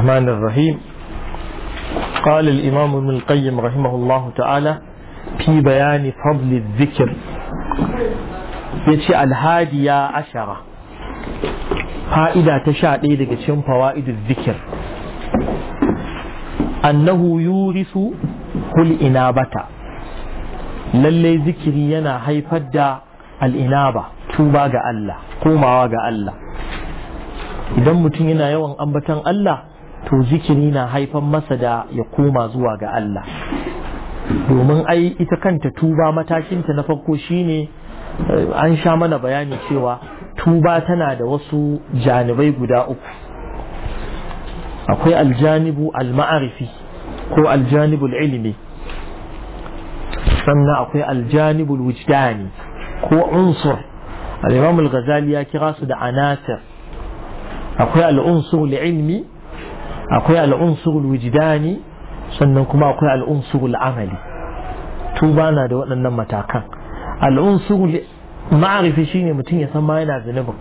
الرحمن الرحيم قال الإمام ابن القيم رحمه الله تعالى في بيان فضل الذكر يتي الهادية عشرة فائدة تشاء ليدك شم فوائد الذكر أنه يورث كل إنابة للي ذكري ينا هيفد الإنابة توبا الله قوما الله idan mutum yana yawan ambatan Allah to zikiri na haifan masa da ya koma zuwa ga Allah domin ai ita kanta tuba matakinta na farko shine eh, an sha mana bayani cewa tuba tana da wasu janibai guda uku akwai aljanibu alma'arifi ko aljanibu ilimi sannan akwai aljanibu wujdani ko unsur al-imam ghazali ya kira su da anatir akwai al-unsur ilmi akwai al'unsurul wujdani sannan kuma akwai al'unsurul amali tuba na da waɗannan matakan al'unsurul ma'arifi ne mutum ya san ma yana zunubin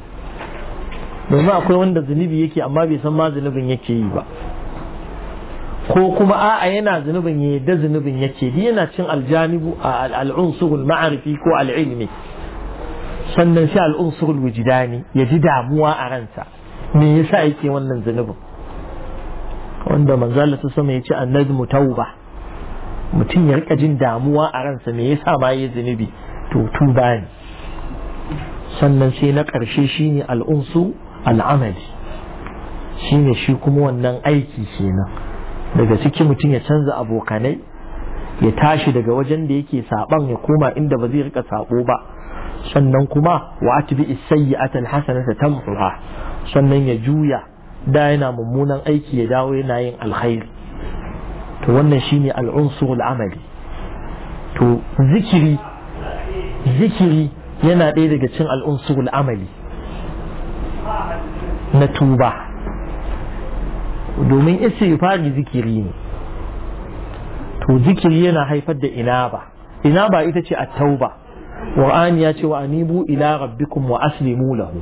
domin akwai wanda zunubi yake amma bai san ma zunubin yake yi ba ko kuma a'a yana zunubin ya yadda zunubin yake di yana cin aljanibu al'unsurul ma'arifi ko al'ilmi sannan shi al'unsurul wujidani ya ji damuwa a ransa me yasa yake wannan zunubin wanda manzala su sama ya ce annazmu tauba mutum ya rika jin damuwa a ransa me yasa ma ya zunubi to tuba ne sannan sai na ƙarshe shine al'unsu al'amali shine shi kuma wannan aiki kenan daga ciki mutum ya canza abokanai ya tashi daga wajen da yake saban ya koma inda ba zai rika saɓo ba sannan kuma wa atbi as-sayyi'ata al-hasanata tamhuha sannan ya juya da yana mummunan aiki ya dawo yana yin alkhairi to wannan shine al'unsurul amali to zikiri zikiri yana ɗaya daga cin al'unsurul amali na tuba domin istighfari zikiri ne to zikiri yana haifar da inaba inaba ita ce a tauba Ƙur'ani ya ce wa anibu ila rabbikum wa aslimu lahu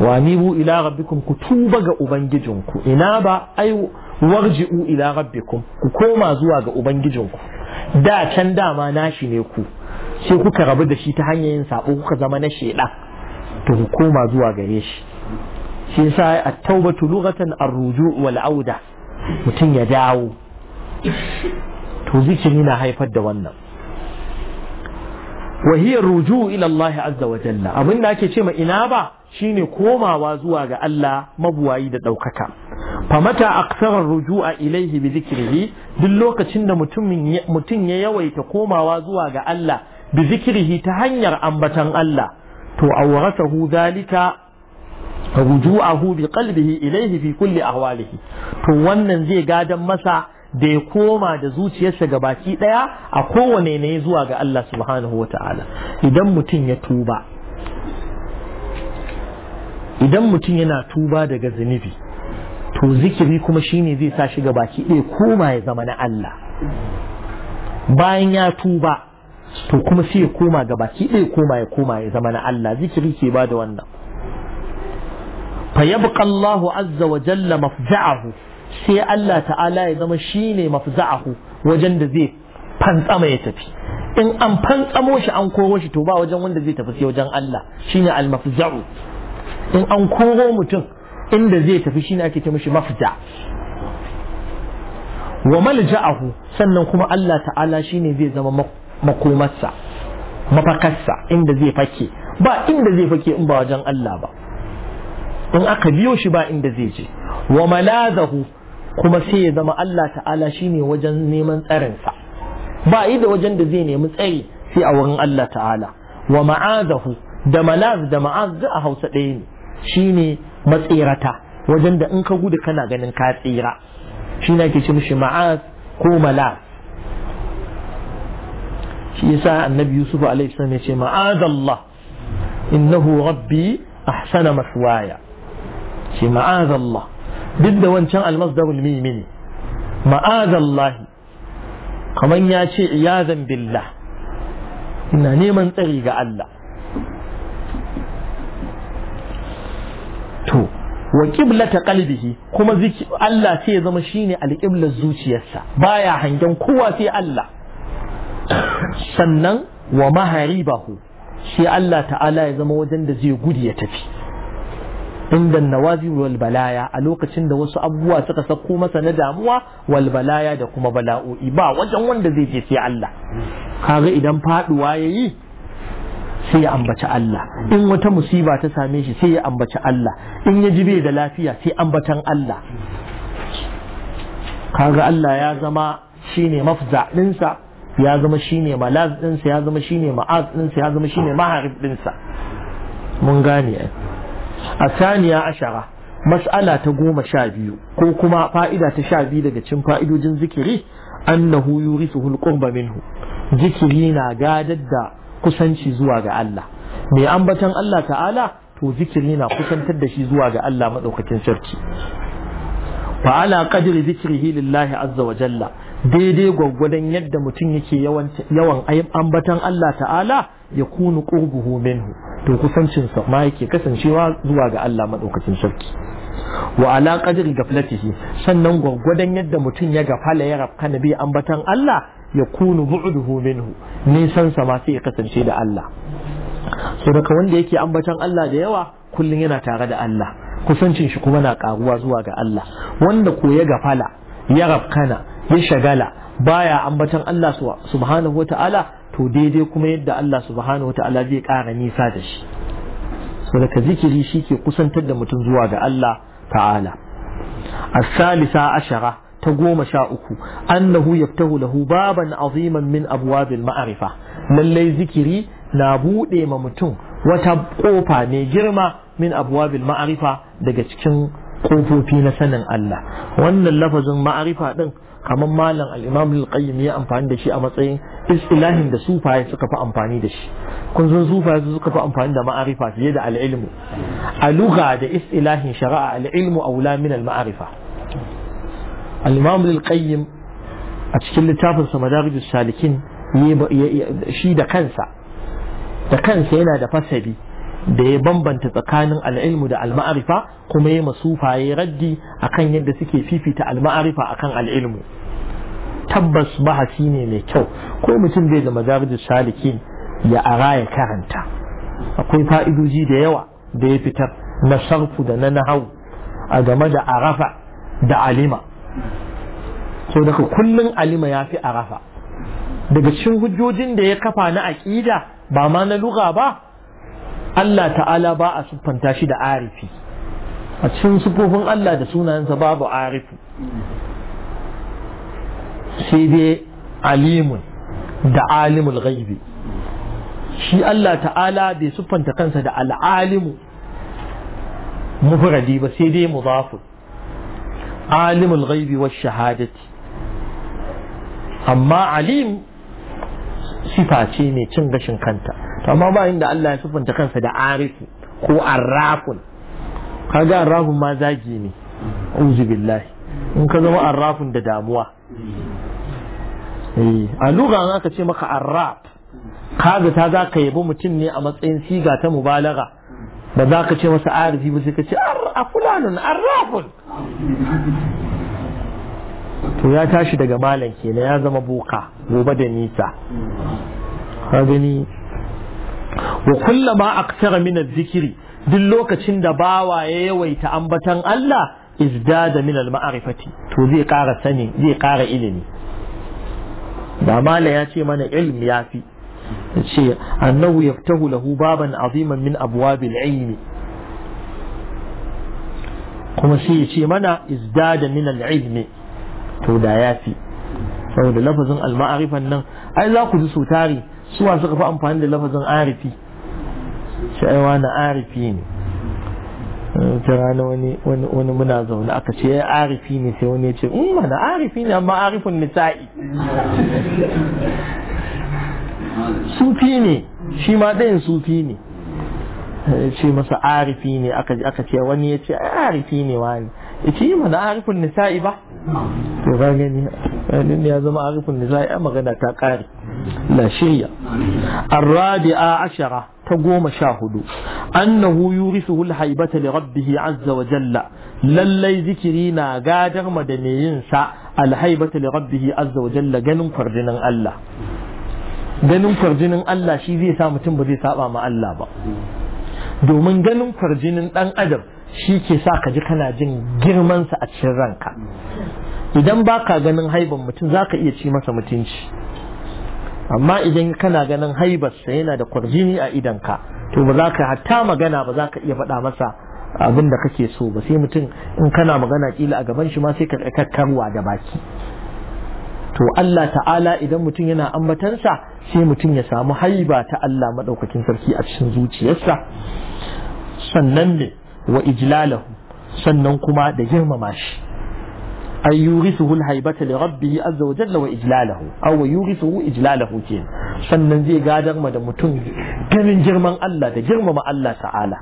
wa anibu ila rabbikum ku tuba ga ubangijinku ina ba ai warji'u ila rabbikum ku koma zuwa ga ubangijinku da can dama nashi ne ku sai kuka rabu da shi ta hanyar yin sabo kuka zama na sheda to ku koma zuwa gare shi shi yasa at-taubatu lughatan ar-ruju' wal auda mutum ya dawo to zikiri na haifar da wannan wa hiya ruju' ila Allah azza wa jalla abin da ake ce ma ina ba shine komawa zuwa ga Allah mabuwayi da ɗaukaka famata aksarar ruju'a ilaihi bi zikrihi duk lokacin da mutum ya yawaita komawa zuwa ga Allah bi zikrihi ta hanyar ambatan Allah to awratahu zalika ruju'ahu bi qalbihi ilaihi fi kulli ahwalihi to wannan zai gadan masa da ya koma da zuciyarsa ga baki daya a kowane ne zuwa ga Allah subhanahu wataala idan mutum ya tuba idan mutum yana tuba daga zunubi to zikiri kuma shine zai sa shi baki ɗaya koma ya zama na Allah bayan ya tuba to kuma sai ya koma ga baki ɗaya koma ya koma ya zama na Allah zikiri ke ba da wannan fa Allahu azza wa jalla mafza'ahu sai Allah ta'ala ya zama shine mafza'ahu wajen da zai fantsama ya tafi in an fantsamo shi an koro shi to ba wajen wanda zai tafi sai wajen Allah shine al-mafza'u in an koro mutum inda zai tafi shine ake ce mishi mafita wa malja'ahu sannan kuma Allah ta'ala shine zai zama makomarsa mafakarsa inda zai fake ba inda zai fake in ba wajen Allah ba in aka biyo shi ba inda zai je wa malazahu kuma sai ya zama Allah ta'ala shine wajen neman tsarinsa ba yi da wajen da zai nemi tsari sai a wurin Allah ta'ala wa ma'azahu da malaz da ma'az da a hausa ɗaya ne shine matsirata wajen da in ka gudu kana ganin ka tsira shi na ke ce mishi ma'az ko malas. shi yasa annabi yusuf alaihi salam ya ce ma'az Allah innahu rabbi ahsana maswaya ce ma'az Allah duk da wancan almasdarul mimi ma'az Allah kamar ya ce iyazan billah ina neman tsari ga Allah wa kiblata qalbihi kuma Allah sai ya zama shine alqiblar zuciyarsa baya hangen kowa sai Allah sannan wa maharibahu sai Allah ta'ala ya zama wajen da zai gudu ya tafi inda nawazi wal balaya a lokacin da wasu abubuwa suka sako masa na damuwa wal balaya da kuma bala'o'i ba wajen wanda zai je sai Allah kaga idan faduwa yayi sai ya ambaci Allah in wata musiba ta same shi sai ya ambaci Allah in ya ji bai da lafiya sai ambatan Allah kaga Allah ya zama shine mafza ɗinsa ya zama shine malaz ɗinsa ya zama shine ma'az ɗinsa ya zama shine maharib ɗinsa mun gane a saniya ashara mas'ala ta goma sha biyu ko kuma fa'ida ta sha biyu daga cin fa'idojin zikiri annahu yurisuhu alqurba minhu zikiri na gadar da kusanci zuwa ga Allah mai ambatan Allah ta'ala to zikiri na kusantar da shi zuwa ga Allah madaukakin sarki fa ala qadri zikrihi lillahi azza wa jalla daidai gwaggwadon yadda mutum yake yawan ambatan Allah ta'ala ya kunu qurbuhu minhu to sa ma yake kasancewa zuwa ga Allah madaukakin sarki wa ala qadri gaflatihi sannan gwaggwadon yadda mutum ya gafala ya rafka nabi ambatan Allah yakunu bu'duhu minhu nisan sa ma sai ya kasance da Allah so daga wanda yake ambatan Allah da yawa kullum yana tare da Allah kusancin shi kuma na karuwa zuwa ga Allah wanda ko ya gafala ya rafkana ya shagala baya ambatan Allah subhanahu wata'ala to daidai kuma yadda Allah subhanahu wata'ala zai kara nisa da shi so daga zikiri shi ke kusantar da mutum zuwa ga Allah ta'ala as-salisa ashara ta goma sha uku annahu yaftahu lahu baban aziman min abwabil ma'arifa lallai zikiri na buɗe ma mutum wata ƙofa mai girma min abwabil ma'arifa daga cikin ƙofofi na sanin Allah wannan lafazin ma'arifa ɗin kamar malam al-imam al-qayyim ya amfani da shi a matsayin istilahin da sufaye suka fi amfani da shi kun san sufaye suka fi amfani da ma'arifa fiye da al-ilmu a lugha da istilahin shari'a al-ilmu aula min al-ma'arifa al-imam qayyim a cikin littafin sa madarijus salikin shi da kansa da kansa yana da fasabi da ya bambanta tsakanin al'ilmu da al-ma'arifa kuma ya masufa ya raddi kan yadda suke fifita al-ma'arifa akan al'ilmu tabbas bahasi ne mai kyau ko mutum zai da madarijus salikin ya ara ya karanta akwai fa'idoji da yawa da ya fitar na sarfu da na nahau a game da arafa da alima so daga kullum alima ya fi arafa daga cikin hujjojin da ya kafa na aƙida ba ma na lura ba Allah ta'ala ba a siffanta shi da arifi a cikin sufofin Allah da sunayensa babu arifi sai dai alimun da alimul ghaibi shi Allah ta'ala bai siffanta kansa da al'alimu mufradi ba sai dai mudafun alimul ghaibi wa shahadati amma alim sifa ce mai cin gashin kanta to amma ba inda Allah ya sifanta kansa da arifu ko arrafun kaga arrafun ma zagi ne auzu billahi in ka zama arrafun da damuwa eh, a lugha an aka ce maka arraf kaga ta zaka yabo yabi mutum ne a matsayin siga ta mubalaga ba za ka ce masa arifi ba sai ka ce a fulanun arrafun to ya tashi daga malam kenan ya zama boka gobe da nisa ka gani wa kullama aktara min zikiri duk lokacin da bawa ya yawaita ambatan Allah izdada min al-ma'rifati to zai kara sani zai ƙara ilimi da mala ya ce mana ilmi yafi ce annahu yaftahu lahu baban aziman min abwabil ilmi kuma sai ya ce mana izdada min al-ilmi to da yafi saboda lafazin al-ma'arifan nan ai za ku ji su tari suwa suka fi amfani da lafazin arifi shi ai wani arifi ne ta rana wani wani muna zaune aka ce ya arifi ne sai wani ya ce umma da arifi ne amma arifin nisa'i sufi ne shi ma ɗayan sufi ne eh, ce masa arifi ne aka ce wani ya ce arifi ne wani ya ce yi mana arifin nisa'i ba to ba gani ne ya zama arifin nisa'i a magana ta ƙare la shirya a ashara ta goma sha hudu annahu yurithu alhaibata li rabbih azza wa jalla lallai zikiri na gadar ma da me yin sa alhaibata li rabbih azza wa jalla ganin kwarjinin Allah ganin kwarjinin Allah shi zai sa mutum ba zai saba ma Allah ba domin ganin kwarjinin ɗan adam shi ke sa ka ji kana jin girmansa a cikin ranka idan ba ka ganin haiban mutum za ka iya ci masa mutunci amma idan kana ganin haibarsa yana da kwarjini a idanka to ba za ka hatta magana ba za ka iya faɗa masa abin da kake so ba sai mutum in kana magana kila a gaban shi ma sai ka karkarwa da baki to Allah ta'ala idan mutum yana ambatansa sai mutum ya samu haiba ta Allah maɗaukakin sarki a cikin zuciyarsa sannan ne wa ijlalahu sannan kuma da girmama shi ay yurithuhu alhaybata li rabbih azza wa jalla wa ijlalahu aw yurithuhu ijlalahu kenan sannan zai gadar ma da mutum ganin girman Allah da girmama Allah ta'ala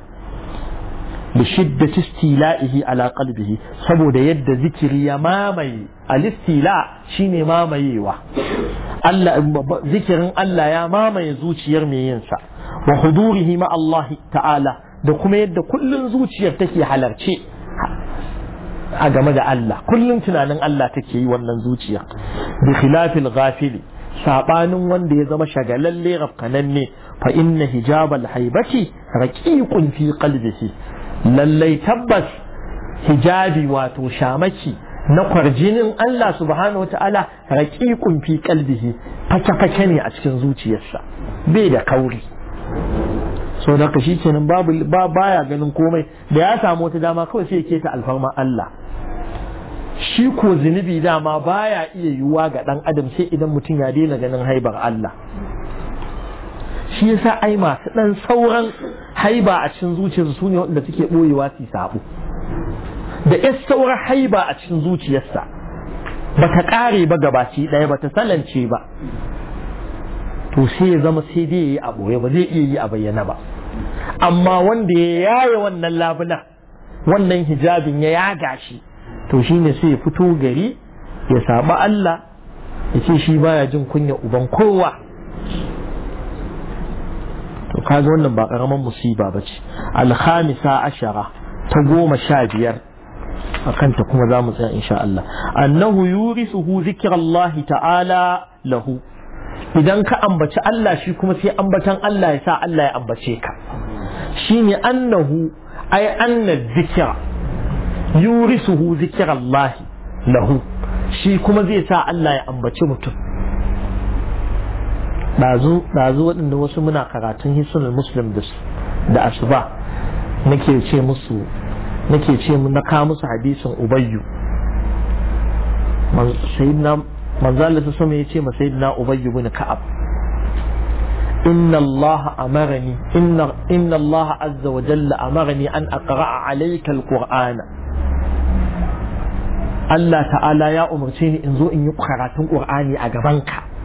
bi shiddati istila'ihi ala qalbihi saboda yadda zikiri ya mamaye alistila shine mamayewa zikirin Allah ya mamaye zuciyar mai yin sa wa Allah ta'ala da kuma yadda kullun zuciyar take halarce a game da Allah kullun tunanin Allah take yi wannan zuciya bi khilafil ghafili sabanin wanda ya zama shagalalle rafkananne fa inna hijabal haibati raqiqun fi qalbihi lallai tabbas hijabi wato shamaki na kwarjinin Allah subhanahu wa ta'ala raƙiƙun fi kalbihi fake-fake ne a cikin zuciyarsa bai da kauri so da ka shi kenan babu baya ganin komai da ya samu wata dama kawai sai ke ta alfarma Allah shi ko zunubi dama baya iya yiwuwa ga ɗan adam sai idan mutum ya daina ganin haibar Allah shi yasa ai masu ɗan sauran haiba a cikin zuciyarsu su ne suke ɓoyewa su sabo da yar saurar haiba a cikin zuciyarsa ba ta ƙare ba gabaci ɗaya ba ta salance ba to sai ya zama sai dai yi a ɓoye ba zai iya yi a bayyana ba amma wanda ya yaye wannan labuna wannan hijabin ya yaga shi to shi ne sai ya fito gari ya saba Allah ya ce shi baya jin kunya uban kowa kaga wannan ba karaman musiba ba ce alhamisa ashara ta goma sha biyar a kanta kuma za mu tsaya insha Allah annahu yurisuhu zikrallahi ta'ala lahu idan ka ambaci Allah shi kuma sai ambatan Allah ya sa Allah ya ambace ka shine annahu ay anna zikra yurisuhu zikrallahi lahu shi kuma zai sa Allah ya ambaci mutum ɗazu ɗazu waɗanda wasu muna karatun hisunan muslim da asuba nake ce musu nake ce na ka musu hadisin ubayyu sayyidina manzal da sama ya ce ma sayyidina ubayyu bin ka'ab inna Allaha amarani inna inna Allah azza wa jalla amarani an aqra'a alayka alqur'ana Allah ta'ala ya umarce ni in zo in yi karatun qur'ani a gaban ka.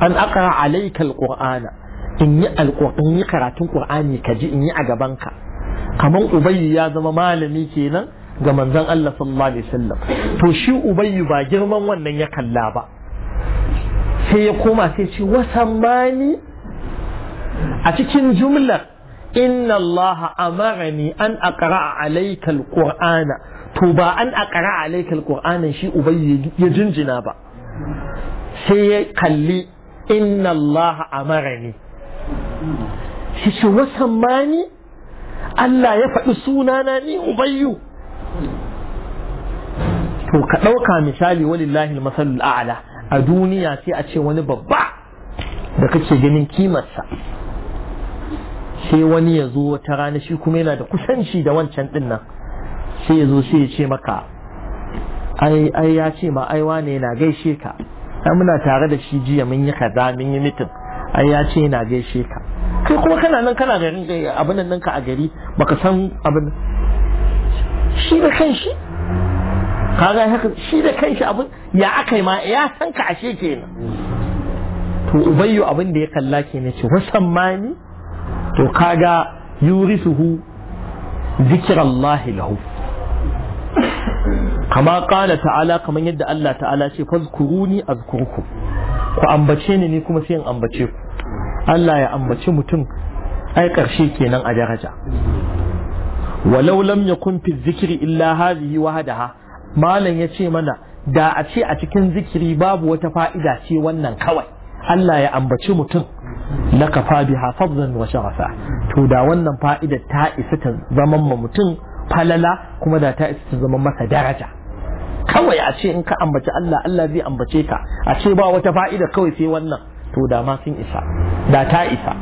an aqra alayka alqur'ana in yi karatun qur'ani ka ji in yi a gabanka Kamar ubayy ya zama malami kenan ga manzon Allah sallallahu alaihi wasallam to shi ubayy ba girman wannan ya kalla ba sai ya koma sai ce wasammani a cikin jumlar inna Allah amarani an aqra alayka alqur'ana to ba an aqra alayka alqur'ana shi ubayy ya jinjina ba sai ya kalli inna Allah amarani shi shi wasan mani Allah ya faɗi sunana ni ubayyu to ka ɗauka misali walillahi masalul a'la a duniya sai a ce wani babba da kake ganin kimarsa sai wani ya zo wata rana shi kuma yana da kusanci da wancan ɗin nan sai ya zo sai ya ce maka ai ya ce ma ai wane yana gaishe ka ai muna tare da shi jiya mun yi kaza mun yi mitin ai ya ce yana gaishe ka kai kuma kana nan kana garin eh, abin nan ka a gari baka san abin shi da kanshi kaga haka shi da kanshi abin ya akai ma ya san ka ashe kenan to ubayyu abin da ya kalla ne ce wasan mani to kaga yurisuhu zikirallahi lahu kama ƙala ta'ala kamar yadda Allah ta'ala ce fazkuruni azkurku ku ambace ni kuma sai in ambace ku Allah ya ambaci mutum ai ƙarshe kenan a daraja walau lam yakun fi zikri illa hadhihi wahdaha malam yace mana da a ce a cikin zikiri babu wata fa'ida ce wannan kawai Allah ya ambaci mutum na kafa biha fadlan wa sharafa to da wannan fa'ida ta isa ta zaman ma mutum falala kuma da ta isa ta zaman masa daraja kawai a ce in ka ambaci Allah Allah zai ambace ka a ce ba wata fa'ida kawai sai wannan to da ma sun isa da ta isa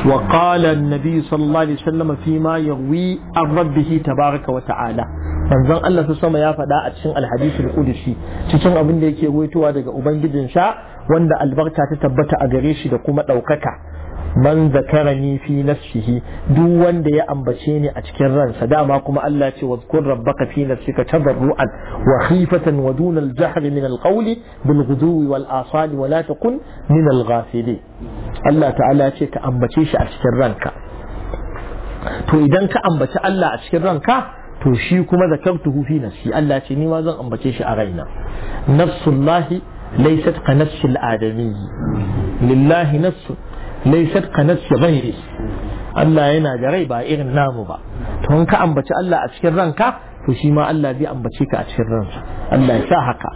وقال النبي صلى الله عليه وسلم فيما يروي عن ربه تبارك وتعالى manzon Allah su sama ya faɗa a cikin alhadisul qudsi cikin abin da yake ruwaitowa daga ubangijin sha wanda albarka ta tabbata a gare shi da kuma ɗaukaka man zakarani fi nafsihi duk wanda ya ambace ni a cikin ransa dama kuma Allah ce wazkur rabbaka fi nafsika tadarruan wa khifatan wa dun al-jahr min al-qawl bil ghudwi wal asali wa la takun min al-ghafilin Allah ta'ala ce ka ambace shi a cikin ranka to idan ka ambaci Allah a cikin ranka to shi kuma zakartuhu fi nafsi Allah ce ni ma zan ambace shi a raina nafsullahi laysat ka nafsil adami lillahi nafsu laysat kanat ghairi Allah yana da rai ba irin namu ba to in ka ambaci Allah a cikin ranka to shi ma Allah zai ambace ka a cikin ransa Allah ya sa haka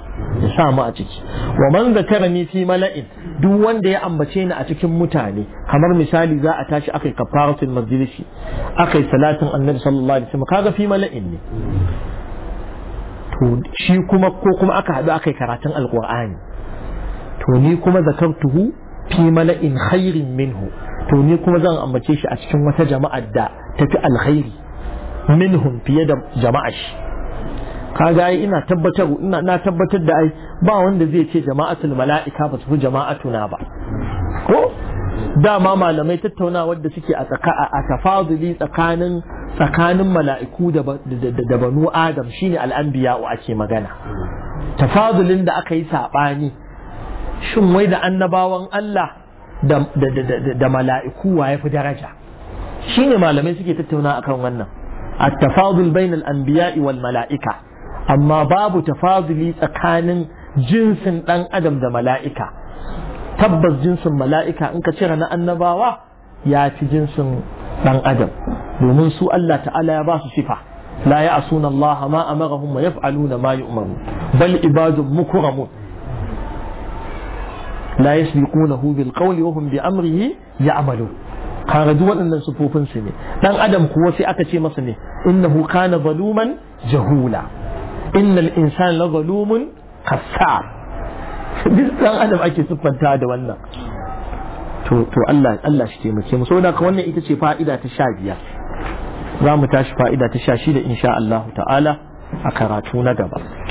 ya sa mu a ciki wa man ni fi mala'in duk wanda ya ambace ni a cikin mutane kamar misali za a tashi akai kafaratul majlisi akai salatin annabi sallallahu alaihi wasallam kaga fi mala'in ne to shi kuma ko kuma aka haɗu akai karatun alqur'ani to ni kuma zakartuhu fi mala'in khairin minhu to ni kuma zan ambace shi a cikin wata jama'ar da tafi alkhairi minhum fiye da jama'a shi kaga ai ina tabbatar ina na tabbatar da ai ba wanda zai ce jama'atul mala'ika ba su fi jama'atuna ba ko dama malamai tattaunawar da suke a tsaka a tafazuli tsakanin tsakanin mala'iku da banu adam shine al'anbiya'u ake magana tafazulin da aka yi sabani shin wai da annabawan Allah da mala'iku wa ya fi daraja shi ne malamai suke tattauna akan wannan a tafadul bainal anbiya'i wal mala'ika amma babu tafaduli tsakanin jinsin ɗan adam da mala'ika tabbas jinsin mala'ika in ka cire na annabawa ya fi jinsin ɗan adam domin su Allah ta'ala ya ba su sifa la ya asuna Allah ma amarahum wa yaf'aluna ma yu'maru bal ibadun mukramun la yasbiqunahu bil qawli wa hum bi amrihi waɗannan sufofin su ne dan adam kuwa sai aka ce masa ne innahu kana zaluman jahula innal insana la zalumun kassar dan adam ake siffanta da wannan to to Allah Allah shi taimake mu saboda wannan ita ce fa'ida ta sha biyar za mu tashi fa'ida ta sha shida insha Allah ta'ala a karatu na gaba